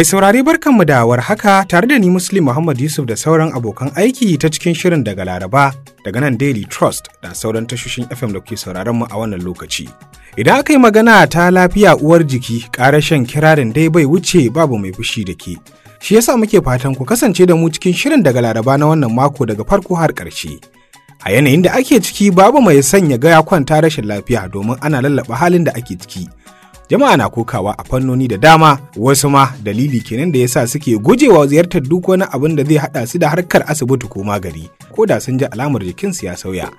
Mai saurari barkanmu da war haka, tare da ni Muslim Muhammad Yusuf da sauran abokan aiki ta cikin shirin daga Laraba daga nan Daily Trust da sauran tashoshin FM da ke sauraron mu a wannan lokaci. Idan aka yi magana ta lafiya uwar jiki ƙara shan kirarin dai bai wuce babu mai fushi da ke. Shi yasa muke fatan ku kasance da mu cikin shirin daga Laraba na wannan mako daga farko har ƙarshe. A yanayin da ake ciki babu mai sanya gaya kwanta rashin lafiya domin ana lallaba halin da ake ciki. jama'a na kokawa a fannoni da dama wasu ma dalili kenan da yasa suke gujewa ziyartar duk wani abin da zai hada su da harkar asibiti ko magani ko da sun ji alamar jikinsu ya sauya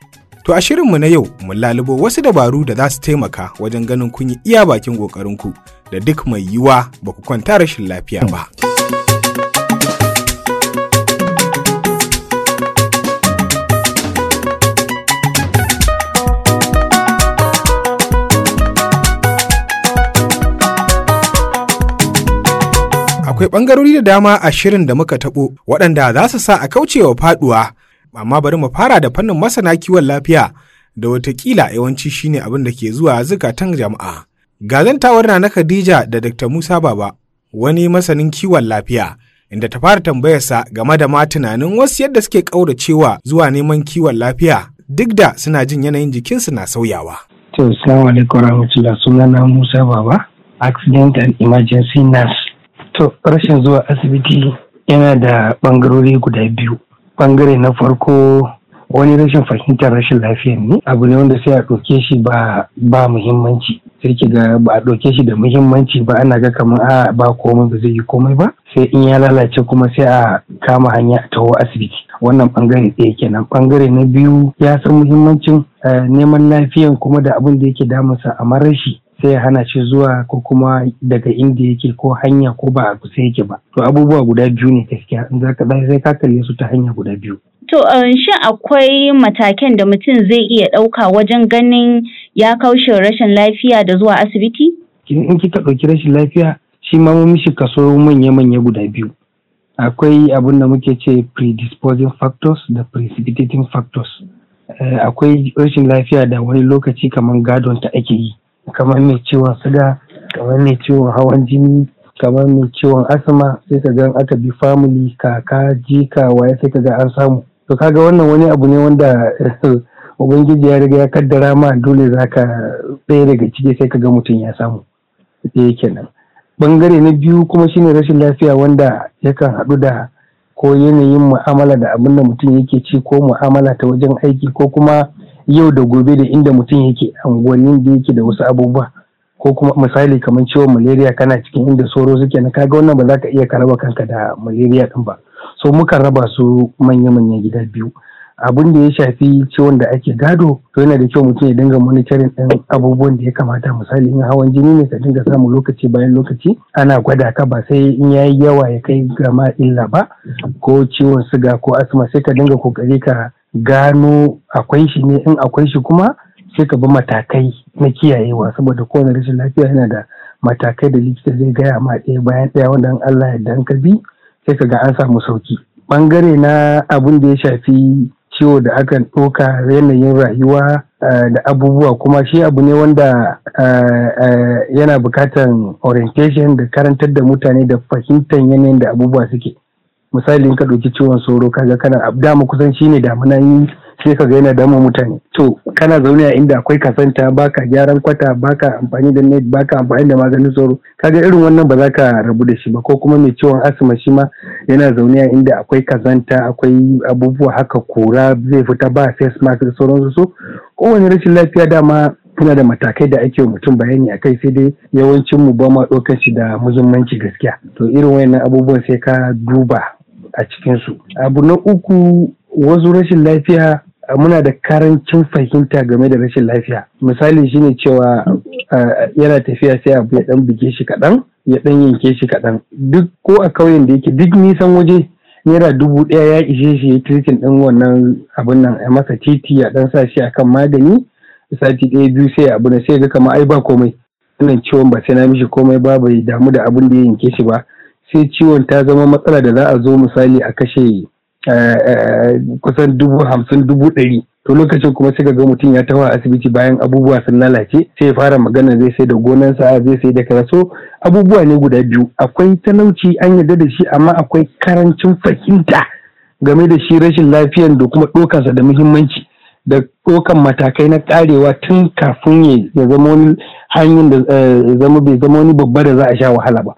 To a shirinmu na yau mun lalubo wasu dabaru da za su taimaka wajen ganin kun yi iya bakin ku da duk mai yiwa ba ku kwanta rashin lafiya ba. akwai ɓangarori da dama a shirin da muka taɓo waɗanda za su sa a kaucewa faɗuwa amma bari mu fara da fannin masana kiwon lafiya da watakila yawanci shine abin da ke zuwa zukatan jama'a. Gazantawar na na Khadija da Dr. Musa Baba wani masanin kiwon lafiya inda ta fara tambayarsa game da ma tunanin wasu yadda suke ƙauracewa zuwa neman kiwon lafiya duk da suna jin yanayin jikinsu na sauyawa. To, salamu alaikum rahmatullah sunana Musa Baba, accident and emergency nurse To rashin zuwa asibiti yana da ɓangarori guda biyu. Ɓangare na farko wani rashin fahimtar rashin lafiya ne abu ne wanda sai a ɗauke shi ba ba muhimmanci sai ki ga ba a ɗauke shi da muhimmanci ba ana ga kamar a ba komai ba zai yi komai ba sai in ya lalace kuma sai a kama hanya a taho asibiti wannan bangare ɗaya kenan bangare na biyu ya san muhimmancin eh, neman lafiyan kuma da abin da yake damunsa amma rashi sai ya hana shi zuwa ko kuma daga inda yake ko hanya ko ba a kusa yake ba to abubuwa guda biyu ne gaskiya in zaka sai ka kalle su ta hanya guda biyu to um, shin akwai matakan da mutum zai iya ɗauka wajen ganin ya kaushe rashin lafiya da zuwa asibiti in kika ɗauki rashin lafiya shi ma mun mishi kaso manya-manya guda biyu akwai abin da muke ce predisposing factors da precipitating factors eh, akwai rashin lafiya da wani lokaci kamar gadon ta ake yi kamar mai ciwon suga kamar mai ciwon hawan jini kamar mai ciwon asma sai ka ga aka bi family kaka jika waye sai ka ga an samu to kaga wannan wani abu ne wanda ubangiji ya riga ya kaddara ma dole za ka tsaye daga ciki sai ka ga mutum ya samu ɗaya kenan bangare na biyu kuma shine rashin lafiya wanda yakan haɗu da ko yanayin mu'amala da abin da mutum yake ci ko mu'amala ta wajen aiki ko kuma yau da gobe da inda mutum yake angonin da yake da wasu abubuwa ko kuma misali kamar ciwon malaria kana cikin inda sauro suke na kaga wannan ba za ka iya karaba kanka da malaria din ba so muka raba su manya-manyan gida biyu Abun da ya shafi ciwon da ake gado to yana da kyau mutum ya dinga monitoring din abubuwan da ya kamata misali in hawan jini ne ka dinga samun lokaci bayan lokaci ana gwada ka ba sai in yayi yawa ya kai gama illa ba ko ciwon siga ko asma sai ka dinga kokari ka gano akwai shi ne in akwai shi kuma sai ka bi matakai na kiyayewa saboda kowane rashin lafiya yana da matakai da likita zai gaya ma ɗaya bayan ɗaya wanda an Allah ya yarda ka bi sai ka ga an samu sauki bangare na abun da ya shafi ciwo da aka ɗauka, yanayin rayuwa eh, da abubuwa kuma shi abu ne wanda eh, eh, yana bukatan orientation da karantar da mutane da fahimtar yanayin da abubuwa suke misali in ka ɗauki ciwon sauro kaga kana dama kusan shine damuna yi sai ka ga yana dama mutane to kana zaune a inda akwai kasanta baka gyaran kwata baka amfani da net baka amfani da maganin sauro kaga irin wannan ba za ka rabu da shi ba ko kuma mai ciwon asma shi ma yana zaune a inda akwai kasanta, akwai abubuwa haka kura zai fita ba face mask da sauransu so kowane rashin lafiya dama kuna da matakai da ake mutum bayani a kai sai dai yawancin mu ba ma shi da muzummanci gaskiya to irin wayannan abubuwan sai ka duba a cikinsu. Abu na uku wasu rashin lafiya muna da karancin fahimta game da rashin lafiya. Misali shine cewa yana tafiya sai abu ya dan buge shi kaɗan ya dan yanke shi kaɗan. Duk ko a kauyen da yake duk nisan waje naira dubu ɗaya ya ishe shi ya tirkin ɗin wannan abin nan a masa titi ya ɗan sa shi akan magani sati ɗaya biyu sai abu na sai ga kama ai ba komai. Wannan ciwon ba sai na mishi komai ba bai damu da abin da ya yanke shi ba. sai ciwon ta zama matsala da za a zo misali a kashe eh, eh, kusan dubu hamsin dubu ɗari to lokacin kuma sai ga mutum ya tawa asibiti bayan abubuwa sun lalace sai ya fara magana zai sai da gonan sa'a zai sai da karaso abubuwa ne guda biyu akwai talauci an yarda da shi amma akwai karancin fahimta game da shi rashin lafiyan da kuma ɗokansa da muhimmanci da ɗokan matakai na karewa tun kafin ya zama wani hanyar da eh, zama bai zama wani babba da za a sha wahala ba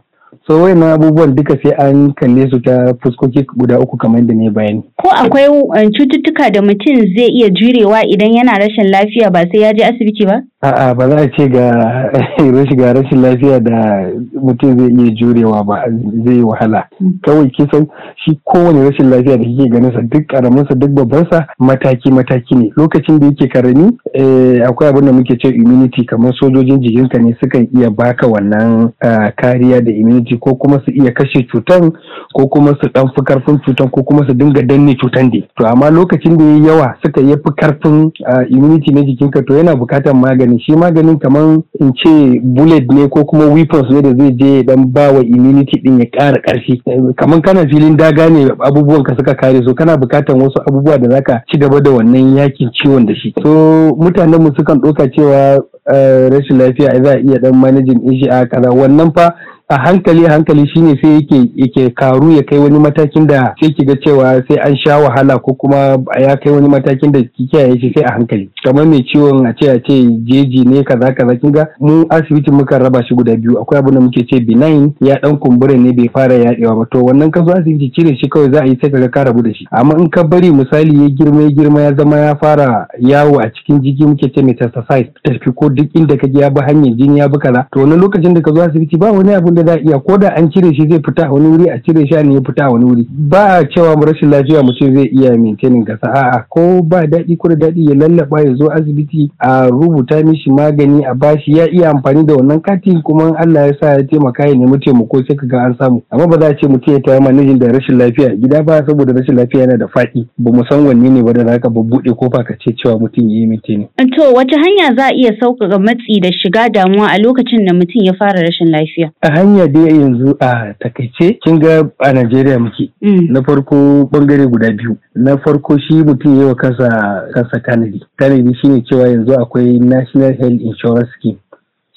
so na abubuwan duka sai an kalle su ta fuskoki guda uku kamar yadda ne bayani ko akwai eh, cututtuka da mutum zai iya jurewa idan yana rashin lafiya ba sai ya je asibiti ba a'a ba za a ce ga rashin ga rashin lafiya da mutum zai iya jurewa ba zai yi wahala hmm. kawai kisan shi kowane rashin lafiya da kike ganin sa duk karamin sa duk babban sa mataki mataki ne lokacin da yake karami eh, akwai abin da muke ce immunity kamar sojojin jikinka ne sukan iya baka wannan eh, kariya da immunity lokaci ko kuma su iya kashe cutan ko kuma su dan fi karfin cutan ko kuma su dinga danne cutan dai to amma lokacin da yayi yawa suka yi fi karfin ah, immunity na jikinka to yana bukatar magani shi maganin kaman in ce bullet ne ko kuma weapons ne da zai je dan ba wa immunity din ya ƙara ƙarfi kamar kana filin daga ne abubuwan ka suka kare so kana bukatar wasu abubuwa da zaka ci gaba da wannan yakin ciwon da shi so mutanen mu sukan ɗauka cewa ah, rashin lafiya za a iya dan manajin ishi a kaza wannan fa a hankali hankali shine sai yake yake karu ya kai wani matakin da sai ki ga cewa sai an sha wahala ko kuma ya kai wani matakin da kiyaye shi sai a hankali kamar mai ciwon a ce a ce jeji ne kaza kaza kin ga mu asibiti muka raba shi guda biyu akwai abin da muke ce benign ya dan kumbura ne bai fara yadewa ba to wannan ka zo asibiti cire shi kawai za a yi sai kaga ka rabu da shi amma in ka bari misali ya girma ya girma ya zama ya fara yawo a cikin jiki muke ce metastasize tafi ko duk inda ka ya bi hanyar jini ya bi kaza to wani lokacin da ka zo asibiti ba wani abu abin da za a iya ko da an cire shi zai fita wani wuri a cire shi ne ya fita a wani wuri ba a cewa mu rashin lafiya mutum zai iya maintaining kasa a'a ko ba daɗi ko da daɗi ya lallaba ya zo asibiti a rubuta mishi magani a bashi ya iya amfani da wannan kati kuma Allah ya sa ya taimaka ya nemi ko sai ka ga an samu amma ba za a ce mutum ya tayi manajin da rashin lafiya gida ba saboda rashin lafiya yana da faɗi ba mu san wanne ne ba da za ka bubbuɗe ko ba ka ce cewa mutum ya yi maintaining. To wace hanya za a iya sauƙaƙa matsi da shiga damuwa a lokacin da mutum ya fara rashin lafiya? hanya da yanzu a takaice kin ga a Najeriya muke mm. na farko bangare guda biyu na farko shi mutum ya yawa kansa kansa tanadi tanadi ne cewa yanzu akwai National Health Insurance Scheme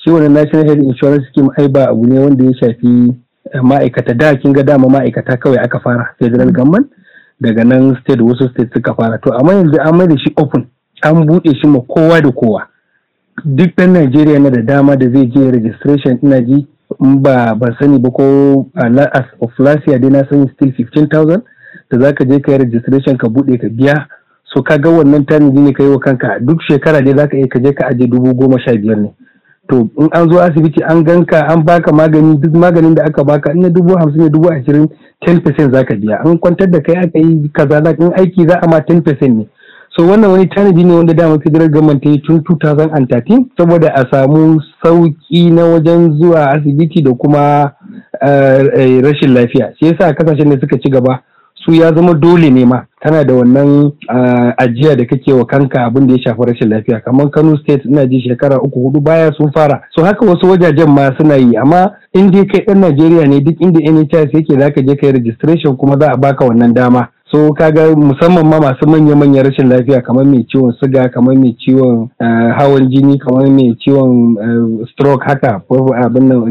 shi wannan National Health Insurance Scheme ai ba abu ne wanda ya shafi eh, ma'aikata da kin ga dama ma'aikata kawai aka fara federal government daga nan state wasu state suka fara to amma yanzu an mai da shi open an buɗe shi ma kowa da kowa duk ɗan Najeriya na da dama da zai je registration ina ji in ba ban sani ba ko as of last year dai na sani still 15000 da za ka je ka yi registration ka bude ka biya so ka ga wannan tanadi ne ka yi wa kanka duk shekara dai za ka iya ka je ka aje dubu goma sha biyar ne to in an zo asibiti an ganka an baka magani duk maganin da aka baka in dubu hamsin ne dubu ashirin ten za ka biya an kwantar da kai aka yi kaza in aiki za a ma ten ne so wannan wani tanadi ne wanda dama federal government ta yi tun 2013 saboda a samu sauki na wajen zuwa asibiti da kuma eh, eh, rashin lafiya shi yasa kasashen da suka ci gaba su ya zama dole ne ma tana da wannan eh, ajiya da kake wa kanka abin da ya shafi rashin lafiya kamar kano state ina ji shekara uku hudu baya sun fara so haka wasu wajajen ma suna yi amma in dai kai dan najeriya ne duk inda nhs yake zaka je kai registration kuma za a baka wannan dama so kaga musamman ma masu manya-manyan rashin lafiya kamar mai ciwon siga kamar mai ciwon eh, hawan jini kamar mai ciwon eh, stroke haka abin nan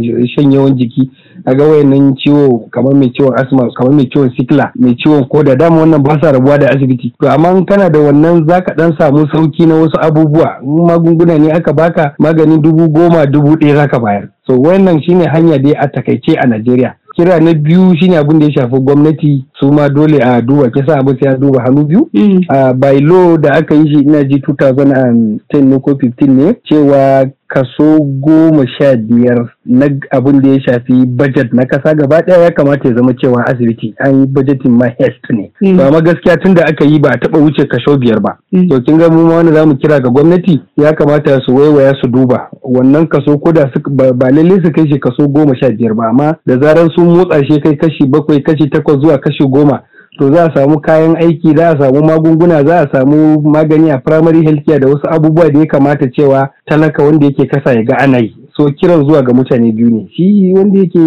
yawan jiki kaga wayannan ciwo kamar mai ciwon asma kamar mai ciwon sikla mai ciwon koda dama wannan ba sa rabuwa da asibiti to amma kana da wannan zaka dan samu sauki na wasu abubuwa magunguna ne aka baka maganin dubu goma dubu ɗaya zaka bayar so wannan shine hanya dai a takaice a Najeriya kira na biyu shine abin da ya shafi gwamnati su ma dole a duba kisa abu sai a duba hannu biyu mm. a ah, by law da aka yi shi ina ji 2010 ko 15 ne cewa kaso goma sha biyar na abin da ya shafi budget na kasa gaba ɗaya ya kamata ya zama cewa asibiti an yi budgetin ma health ne mm. ba ma gaskiya tun da aka yi ba a taɓa wuce kaso biyar ba mm. to kin ga mu ma wani zamu kira ga gwamnati ya kamata su waiwaya su duba wannan kaso ko da ba lalle su kai shi kaso goma sha biyar ba amma da zarar sun motsa shi kai kashi bakwai kashi takwas zuwa kashi goma to za a samu kayan aiki za a samu magunguna za a samu magani a primary healthcare da wasu abubuwa da ya kamata cewa talaka wanda yake kasa ya ga ana yi so kiran zuwa ga mutane biyu ne shi wanda yake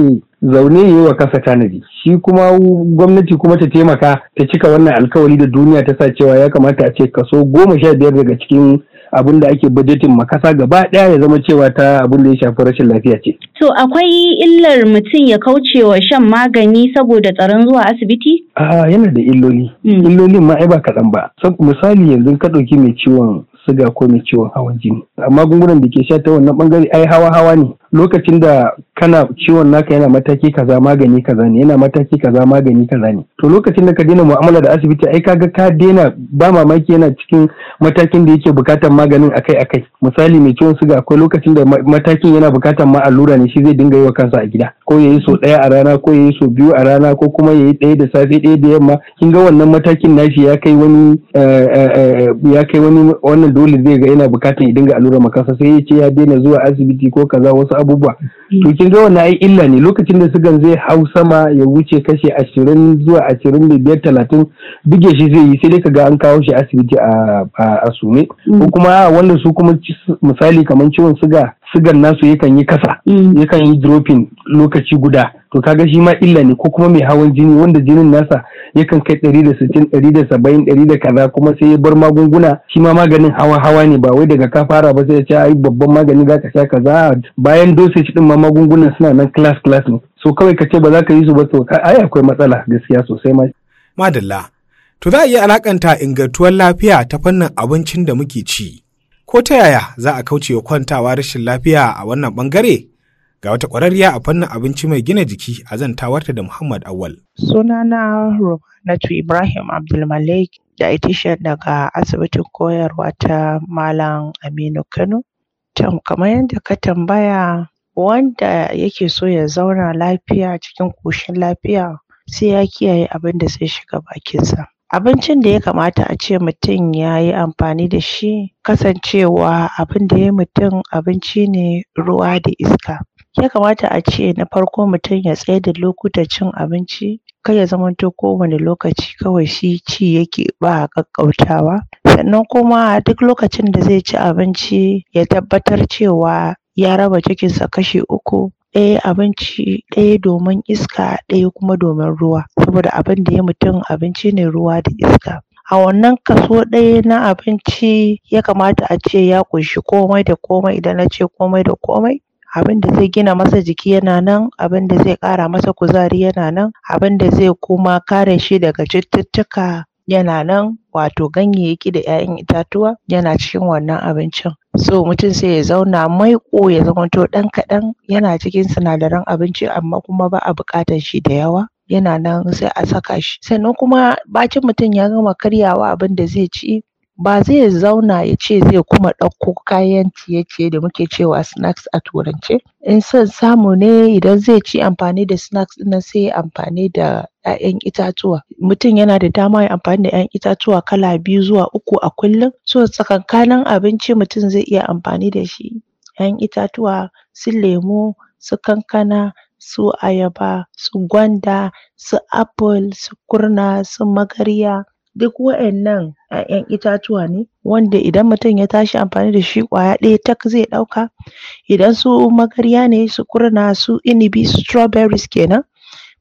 zaune ya yi wa kasa tanadi shi kuma gwamnati kuma ta taimaka ta cika wannan alkawari da duniya ta sa cewa ya kamata a ce kaso goma sha biyar daga cikin abin da ake bajetin makasa gaba ɗaya ya zama cewa ta abin da ya shafi rashin lafiya ce. To akwai illar mutum ya kauce wa shan magani saboda tsaron zuwa asibiti? Ah yana da illoli. Hmm. Illolin ma ai ba kaɗan ba. Misali yanzu ka ɗauki mai ciwon suga ko mai ciwon hawan jini. Amma magungunan da ke sha ta wannan bangare ai hawa hawa ne. lokacin da kana ciwon naka yana mataki kaza magani kaza ne yana mataki kaza magani kaza ne to lokacin da ka daina mu'amala da asibiti ai kaga ka daina ba mamaki yana cikin matakin da yake bukatan maganin akai akai misali mai ciwon suga akwai lokacin da matakin yana bukatan ma allura ne shi zai dinga yi wa kansa a gida ko ya yi so daya a rana ko ya yi so biyu a rana ko kuma ya yi daya da safe daya da yamma kin ga wannan matakin nashi ya kai wani eh, eh, eh, ya kai wani wannan dole zai ga yana bukatan ya dinga allura ma kansa sai ya ce ya daina zuwa asibiti ko kaza abubuwa mm. to kin ga wannan ai illa ne lokacin da sugan zai hau sama ya wuce kashi ashirin zuwa ashirin da biyar talatin buge shi zai yi sai dai kaga an kawo shi asibiti a sume mm. ko kuma wanda su kuma misali kamar ciwon suga sigan nasu yakan yi kasa mm. yakan yi dropping lokaci guda to kaga shi ma illa ne ko kuma mai hawan jini wanda jinin nasa yakan kai ɗari da sittin ɗari da saba'in ɗari da kaza kuma sai ya bar magunguna shi ma maganin hawa hawa ne ba wai daga ka fara ba sai ya ce ai babban magani za ka sha kaza bayan dosage ɗin ma magungunan suna nan class class ne so kawai ka ce ba za ka yi su ba to ai akwai matsala gaskiya sosai ma madalla to za a iya alakanta ingantuwar lafiya ta fannin abincin da muke ci Ko ta yaya za a kauce wa kwantawa rashin lafiya a wannan bangare? Ga wata ƙwararriya a fannin abinci mai gina jiki a zantawarta da Muhammad Awal. Sunana Rubanatu Ibrahim Abdulmalik da itishan daga asibitin koyarwa ta Malam Aminu Kano. Kamar yadda ka tambaya wanda yake so ya zauna lafiya cikin ƙoshin lafiya sai ya kiyaye abin da zai shiga bakinsa. abincin da ya kamata a ce mutum ya yi amfani da shi kasancewa abin da yayi mutum abinci ne ruwa da iska ya kamata a ce na farko mutum ya tsayar da lokutan cin abinci kar ya zamanto kowane lokaci kawai shi ci yake ba ƙaƙƙautawa sannan kuma duk lokacin da zai ci abinci ya tabbatar cewa ya raba cikinsa kashi uku ɗaya abinci ɗaya domin iska ɗaya kuma domin ruwa saboda abin da ya mutum abinci ne ruwa da iska a wannan kaso ɗaya na abinci ya kamata a ce ya ƙunshi komai da komai idan na ce komai da komai abin da zai gina masa jiki yana nan abin da zai ƙara masa kuzari yana nan abin da zai kuma kare shi daga cututtuka yana nan wato ganyayyaki da 'ya'yan itatuwa yana cikin wannan abincin so mutum sai ya zauna maiƙo ya zamanto ɗan kaɗan yana cikin sinadaran abinci amma kuma ba a buƙatar shi da yawa yana nan sai a saka shi sannan kuma bacin mutum ya gama karyawa abin da zai ci ba zai zauna ya ce zai kuma ɗauko kayan ciye-ciye da muke cewa snacks a turance. In son samu ne idan zai ci amfani da snacks ɗinnan sai ya amfani da ‘ya'yan itatuwa. Mutum yana da dama ya amfani da ‘ya'yan itatuwa kala biyu zuwa uku a kullum. So tsakankanin abinci mutum zai iya amfani da shi ‘ya'yan itatuwa su lemu, su kankana, su ayaba, su gwanda, su apple, su kurna, su magarya. Duk waɗannan ƴaƴan itatuwa ne wanda idan mutum ya tashi amfani da shi ƙwaya ɗaya tak zai ɗauka. Idan su magarya ne, su kurna, su inibi, strawberries kenan,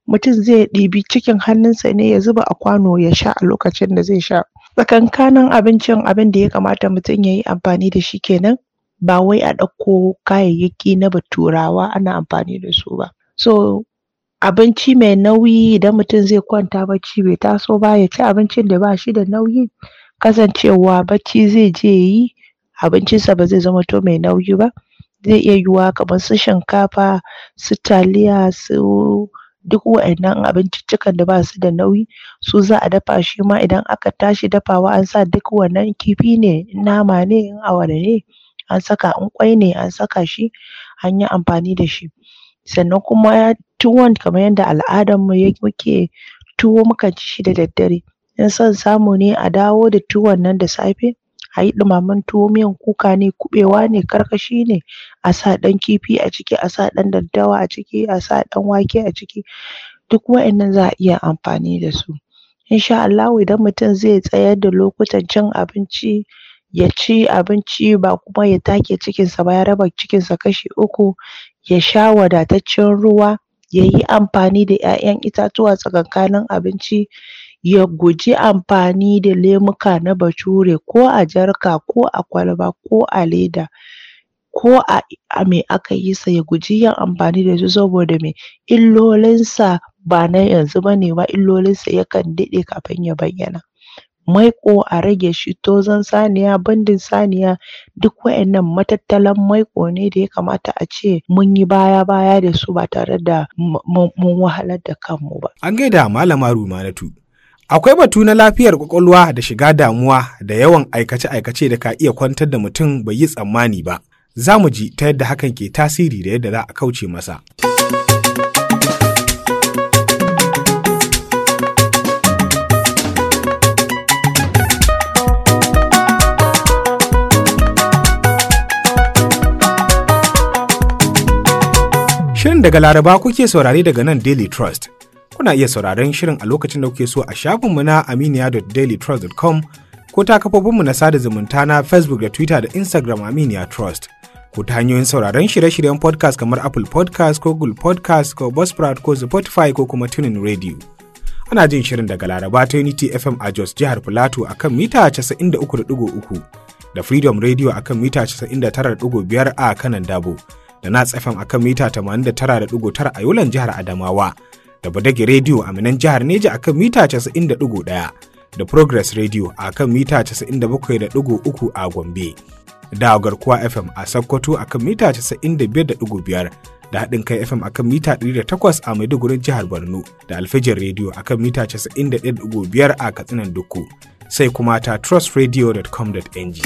mutum zai ɗibi cikin hannunsa ne ya zuba a kwano ya sha a lokacin da zai sha. Tsakankanin abincin abin da ya kamata mutum ya yi amfani da shi kenan ba wai a ɗauko kayayyaki na baturawa ana amfani da su ba. So. abinci mai nauyi idan mutum zai kwanta bacci bai taso ba ya ci abincin da ba shi da nauyi kasancewa bacci zai je yi abincinsa ba zai zama to mai nauyi ba zai iya yiwuwa kamar su shinkafa su taliya su duk wa'annan abinciccikan da ba su da nauyi su za a dafa shi ma idan aka tashi dafawa an sa duk wannan kifi ne nama ne in awara ne an saka in kwai ne an saka shi an yi amfani da shi sannan kuma tuwon kamar yadda al'adar mu muke tuwo mukan ci shi da daddare in son samu ne a dawo da tuwon nan da safe a yi ɗumamen tuwo miyan kuka ne, kuɓewa ne, karkashi ne, a sa ɗan kifi a ciki, a sa ɗan daddawa a ciki, a sa ɗan wake a ciki duk wa'innan za a iya amfani da su. In sha idan mutum zai tsayar da lokutan cin abinci ya ci abinci ba kuma ya take cikinsa ba ya raba cikinsa kashi uku ya sha wadataccen ruwa, ya yi amfani da ‘ya'yan itatuwa tsakankanin abinci, ya guji amfani da lemuka na bature ko a jarka ko a kwalba ko a leda ko a me aka yi sa ya guji yin amfani da su saboda me illolinsa ba na yanzu ba ne ba illolinsa yakan daɗe kafin ya bayyana. maiƙo a rage shi, tozon saniya, bandin saniya duk wayannan matattalan maiƙo ne da ya kamata a ce mun yi baya-baya da su ba tare da mun wahalar da kanmu ba. An gaida Malama Rumanatu. Akwai batu na lafiyar kwakwalwa da shiga damuwa da yawan aikace-aikace da ka iya kwantar da mutum bai yi tsammani ba. Za mu ji ta yadda hakan ke tasiri da yadda za a kauce masa. Shirin daga Laraba kuke saurare daga nan Daily Trust. Kuna iya sauraren shirin a lokacin da kuke so a shafinmu na aminiya.dailytrust.com ko ta kafofinmu na sada zumunta na Facebook da Twitter da Instagram Aminiya Trust. Ko ta hanyoyin sauraren shirye-shiryen podcast kamar Apple Podcast ko Google Podcast ko Buzzsprout ko Spotify ko kuma Tunin Radio. Ana jin shirin daga Laraba ta Unity FM a Jos jihar Filato a kan mita 93.3 da Freedom Radio a kan mita 99.5 a kanan Dabo. da na tsafan akan mita 89.9 a yulan jihar Adamawa da Badage Radio a minan jihar Neja akan mita 90.1 da Progress Radio a kan mita 97.3 a Gombe. Da garkuwa FM a Sokoto a kan mita 95.5 da haɗin kai FM a kan mita 108 a Maiduguri jihar Borno da Alfijin Radio a kan mita 91.5 a Katsinan Dukku sai kuma ta trustradio.com.ng.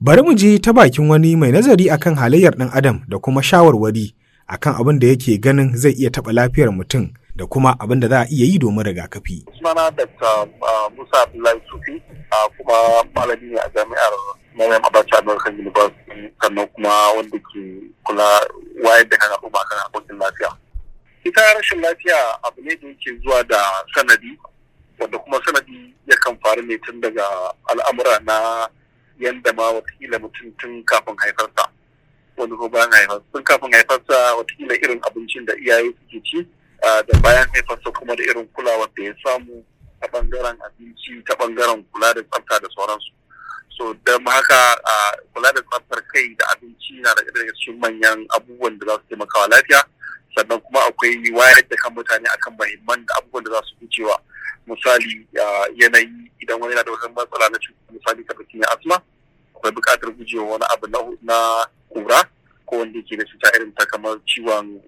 Bari mu je ta bakin wani mai nazari akan halayyar ɗan adam da kuma shawarwari akan abin da yake ganin zai iya taɓa lafiyar mutum da kuma abin da za a iya yi domin rigakafi. Sunana Dr. Ah, Musa Abdullahi Sufi ah, kuma malami ne a jami'ar Maryam Abacha American University sannan kuma wanda ke kula wayar da kan al'umma kan harkokin lafiya. Ita rashin lafiya abu ne da yake zuwa da sanadi wanda kuma sanadi yakan faru ne tun daga al'amura na yadda ma watakila mutum tun kafin haifarsa wani ko bayan haifarsa tun kafin haifarsa watakila irin abincin da iyaye suke ci da bayan haifarsa kuma da irin kulawar da ya samu ta bangaren abinci ta bangaren kula da tsafta da sauransu so don haka kula da tsaftar kai da abinci na da daga cikin manyan abubuwan da za su taimaka lafiya sannan kuma akwai wayar da kan mutane akan mahimman da abubuwan da za su fi cewa. misali yanayi idan wani yana da wata matsala na cuta misali ta baki asma akwai buƙatar gujewa wani abu na kura ko wanda ke da cuta irin ta kamar ciwon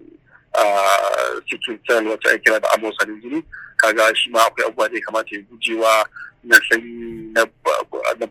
cikin cell wacce ake kira da amosanin jini kaga shi ma akwai abubuwa da ya kamata ya gujewa na sanyi na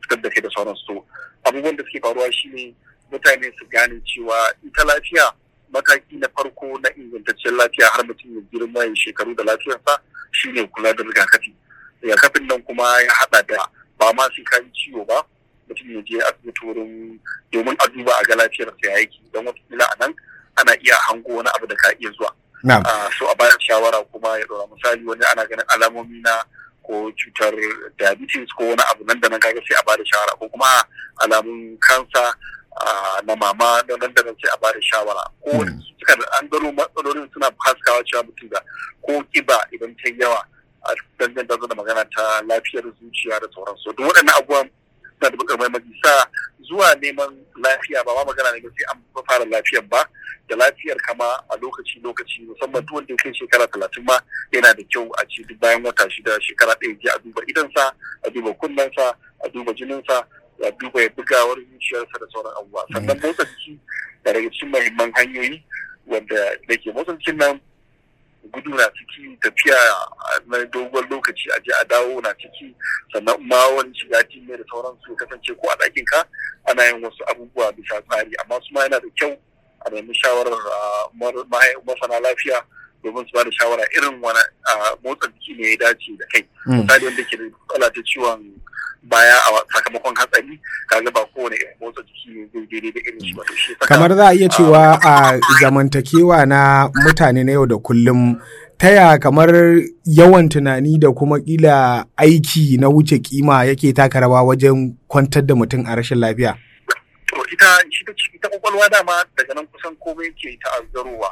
fitar da kai da sauransu abubuwan da suke faruwa shine mutane su gane cewa ita lafiya mataki na farko na ingantaccen lafiya har mutum ya girma ya shekaru da lafiyarsa shine kula da rigakafi rigakafin nan kuma ya haɗa da ba ma sai kayi ciwo ba mutum ya je asibiti wurin domin a duba a ga lafiyarsa ya yake don wata kila nan ana iya hango wani abu da ka iya zuwa ah, so a bayar shawara kuma ya ɗora misali wani ana ganin alamomi na ko cutar diabetes ko wani abu nan da nan kaga sai a bada shawara ko kuma alamun kansa na mama don nan da a bada shawara ko hmm. suka an gano matsalolin suna haskawa cewa mutum da ko kiba idan ta yawa a dangan da magana ta lafiyar zuciya da sauransu Don waɗannan abubuwan suna da bukar maimaki sa zuwa neman lafiya ba ma magana ne sai an fara lafiyar ba da lafiyar kama a lokaci lokaci musamman duk wanda kai shekara talatin ma yana da kyau a ci duk bayan wata shida shekara ɗaya je a duba sa, a duba kunnen sa, a duba jinin sa. ya duba ya bugawar zuciyarsa da sauran abubuwa sannan motsa jiki da daga cikin mahimman hanyoyi wanda da ke motsa jikin nan gudu na ciki tafiya na dogon lokaci a je a dawo na ciki sannan ma wani shiga ne da sauran su kasance ko a ɗakin ka ana yin wasu abubuwa bisa tsari amma su ma yana da kyau a nemi shawarar ah, masana lafiya domin su bada shawara irin wani motsa jiki ne ya dace da kai hmm. misali wanda ke da matsala ta ciwon baya a sakamakon hatsari kaga ba kowane irin motsa jiki ne zai daidai da irin shi ba kamar za a iya cewa a zamantakewa na mutane na yau da kullum taya kamar yawan tunani da kuma kila aiki na wuce kima yake taka rawa wajen kwantar da mutum a rashin lafiya? To ita shi dama daga nan kusan komai ke ta'azzarowa.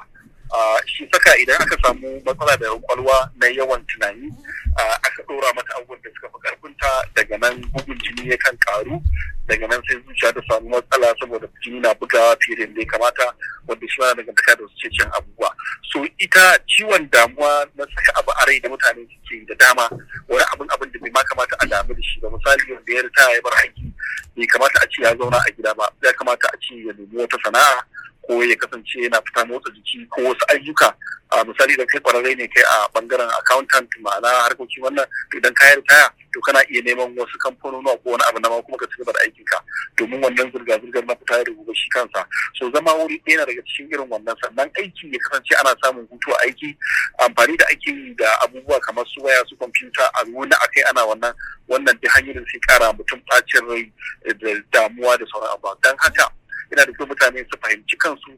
shi saka idan aka samu matsala da kwalwa na yawan tunani aka ɗora mata abubuwan da suka fi ƙarfinta daga nan bugun jini yakan ƙaru daga nan sai zuciya ta samu matsala saboda jini na bugawa fiye da ya kamata wanda shi mana dangantaka da wasu cecen abubuwa so ita ciwon damuwa na saka abu a rai da mutane suke da dama wani abin abin da bai ma kamata a damu da shi ba misali wanda ya rita ya bar aiki bai kamata a ce ya zauna a gida ba ya kamata a ce ya nemi wata sana'a ko ya kasance yana fita motsa jiki ko wasu ayyuka a misali da kai kwararre ne kai a bangaren accountant ma'ana harkoki wannan idan ka yi ritaya to kana iya neman wasu kamfanonuwa ko wani abu na ma kuma ka ci da aiki aikinka domin wannan zirga-zirgar na fita da gobe shi kansa so zama wuri ɗaya na daga cikin irin wannan sannan aiki ya kasance ana samun hutu a aiki amfani da ake yi da abubuwa kamar su waya su kwamfuta a wani akai ana wannan wannan da hanyar sai kara mutum ɓacin rai da damuwa da sauran abubuwa don haka yana da kyau mutane su fahimci kansu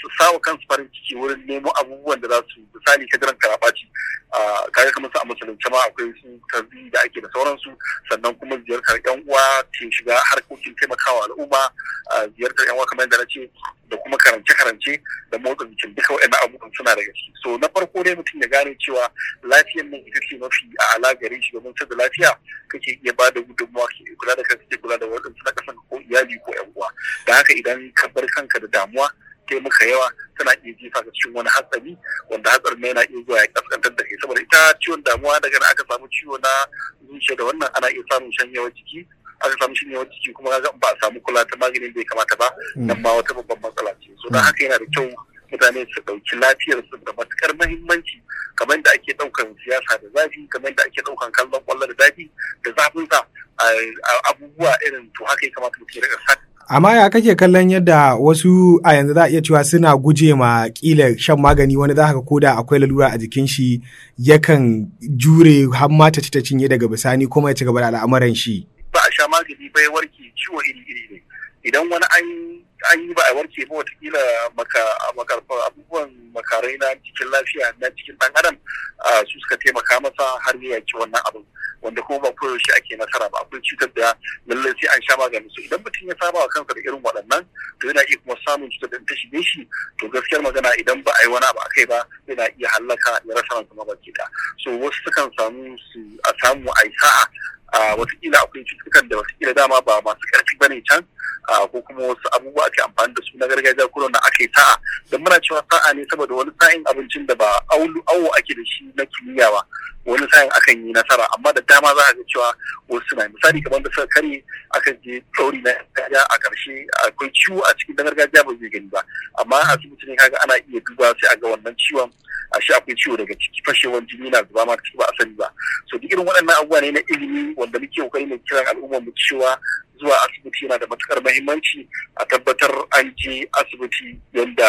su sawa kansu farin ciki wurin nemo abubuwan da za su misali jiran karabaci kaga kamar su a musulunci ma akwai su tarbi da ake da sauransu sannan kuma ziyartar yan uwa ke shiga harkokin taimakawa al'umma ziyartar yan uwa kamar yadda na ce da kuma karance-karance da motsa jikin duka waɗannan abubuwan suna daga ciki so na farko dai mutum ya gane cewa lafiyar nan ita ce mafi a ala gare shi domin da lafiya kake iya ba da gudunmawa kula da kanka kula da wadansu na kasan ko iyali ko yan uwa da haka haka idan ka bar kanka da damuwa ke maka yawa tana iya jefa ka cikin wani hatsari wanda hatsarin yana iya zuwa ya kaskantar da kai saboda ita ciwon damuwa daga aka samu ciwo na zuciya da wannan ana iya samun shanyewar jiki aka samu shanyewar jiki kuma ba a samu kula ta maganin bai kamata ba mm. nan ma wata babban matsala ce so don mm. haka yana da kyau mutane su ɗauki lafiyarsu da matuƙar mahimmanci kamar da ake ɗaukan siyasa da zafi kamar da ake ɗaukan kallon kwallo da zafi da zafin sa abubuwa irin to haka ya kamata mutum ya sa amma ya kake kallon yadda wasu a yanzu za a iya cewa suna guje ma kila shan magani wani za ka koda akwai lalura a jikin shi yakan jure har ma ta ci ta cinye daga bisani kuma ya ci gaba da al'amuran shi ba a sha magani bai warke ciwo iri iri ne idan wani an an yi ba a warke ba watakila makarfa abubuwan makarai na cikin lafiya na cikin dan adam su suka taimaka masa har ya yaki wannan abin wanda kuma ba shi ake nasara ba akwai cutar da lallai sai an sha magani su idan mutum ya saba wa kansa da irin waɗannan to yana iya kuma samun cutar da ta shige shi to gaskiyar magana idan ba a yi wani abu a kai ba yana iya hallaka ya rasa ransa ma baki da so wasu sukan samu su a samu a yi sa'a a watakila akwai cututtukan da watakila dama ba masu karfi ba ne can ko kuma wasu abubuwa ake amfani da su na gargajiya ko na ake sa'a don muna cewa sa'a ne saboda wani sa'in abincin da ba aulu awo ake da shi na kimiyya ba wani sa'in akan yi nasara amma da dama za a ga cewa wasu na misali kamar da suka kare akan je tsauri na gargajiya a karshe akwai ciwo a cikin na gargajiya ba zai gani ba amma a asibiti ne kaga ana iya duba sai a ga wannan ciwon a shi akwai ciwo daga ciki fashewar jini na zuba ma ciki ba a sani ba so duk irin waɗannan abubuwa ne na ilimi wanda muke kokari ne kiran al'ummar mu cewa zuwa asibiti yana da matukar mahimmanci a tabbatar an je asibiti yadda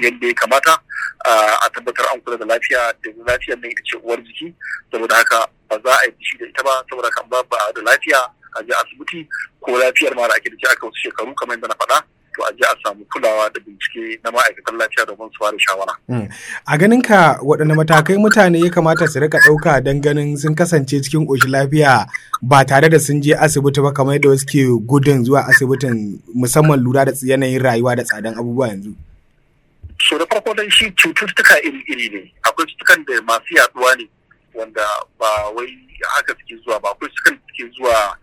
ya kamata a tabbatar an kula da lafiya da lafiyar nan ita ce uwar jiki saboda haka ba za a yi fushi da ita ba saboda haka ba da lafiya a je asibiti ko lafiyar mara ake da ke aka wasu shekaru kamar yadda na faɗa to a je a samu kulawa da bincike na ma'aikatan lafiya domin su bada shawara. Mm. A ganin ka waɗanne matakai mutane ya kamata su rika ɗauka don ganin sun kasance cikin ƙoshi lafiya ba tare da sun je asibiti ba kamar yadda wasu ke gudun zuwa asibitin musamman lura da yanayin rayuwa da tsadan abubuwa yanzu. So da farko dai shi cututtuka iri-iri ne akwai cututtukan da masu yaduwa ne wanda ba wai haka suke zuwa ba akwai cututtukan suke zuwa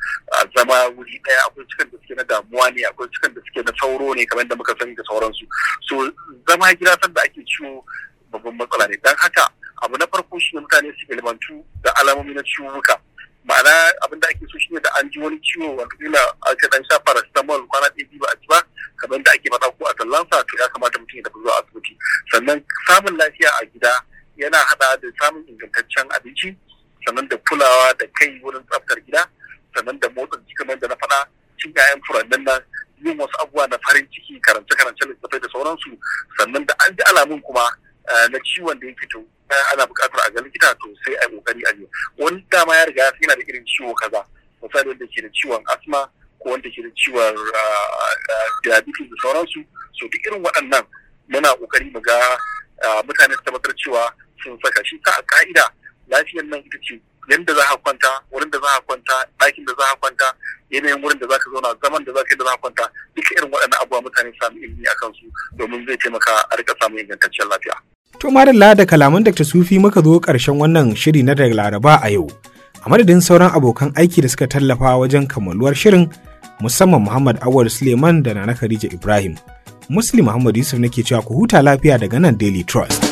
zama wuri ɗaya akwai cikin da suke na damuwa ne akwai cikin da suke na sauro ne kamar da muka sani da sauransu so zama gida san da ake ciwo babban matsala ne dan haka abu na farko shi ne mutane su ilmantu da alamomi na ciwuka ma'ana abin da ake so shine da an ji wani ciwo wata a ce dan sha paracetamol kwana ɗaya biyu ba a ci ba kamar da ake faɗa ko a tallansa to ya kamata mutum ya tafi zuwa asibiti sannan samun lafiya a gida yana haɗa da samun ingantaccen abinci sannan da kulawa da kai wurin tsaftar gida sannan da motsa jiki kamar da na faɗa cin 'ya'yan furannin nan yin wasu abubuwa na farin ciki karance karance littattafai da sauransu sannan da an ji alamun kuma eh, na ciwon da ya fito eh, ana buƙatar a ga likita to sai a yi ƙoƙari a je wani dama ya riga yana da irin ciwo kaza misali wanda ke da ciwon asma ko wanda ke da ciwon eh, diabetes da sauransu so duk irin waɗannan muna ƙoƙari mu ga mutane su tabbatar cewa sun saka shi ta ka'ida lafiyar nan ita ce yadda za ka kwanta wurin da za ka kwanta ɗakin da za ka kwanta yanayin wurin da za ka zauna zaman da za ka yi da za ka kwanta duka irin waɗannan abubuwa mutane samu ilimi a kansu domin zai taimaka a rika samun ingantaccen lafiya. To madalla da kalaman Dr. Sufi muka zo ƙarshen wannan shiri na daga Laraba a yau. A madadin sauran abokan aiki da suka tallafa wajen kammaluwar shirin musamman Muhammad awar Suleiman da Nana Khadija Ibrahim. Muslim Muhammad Yusuf nake cewa ku huta lafiya daga nan Daily Trust.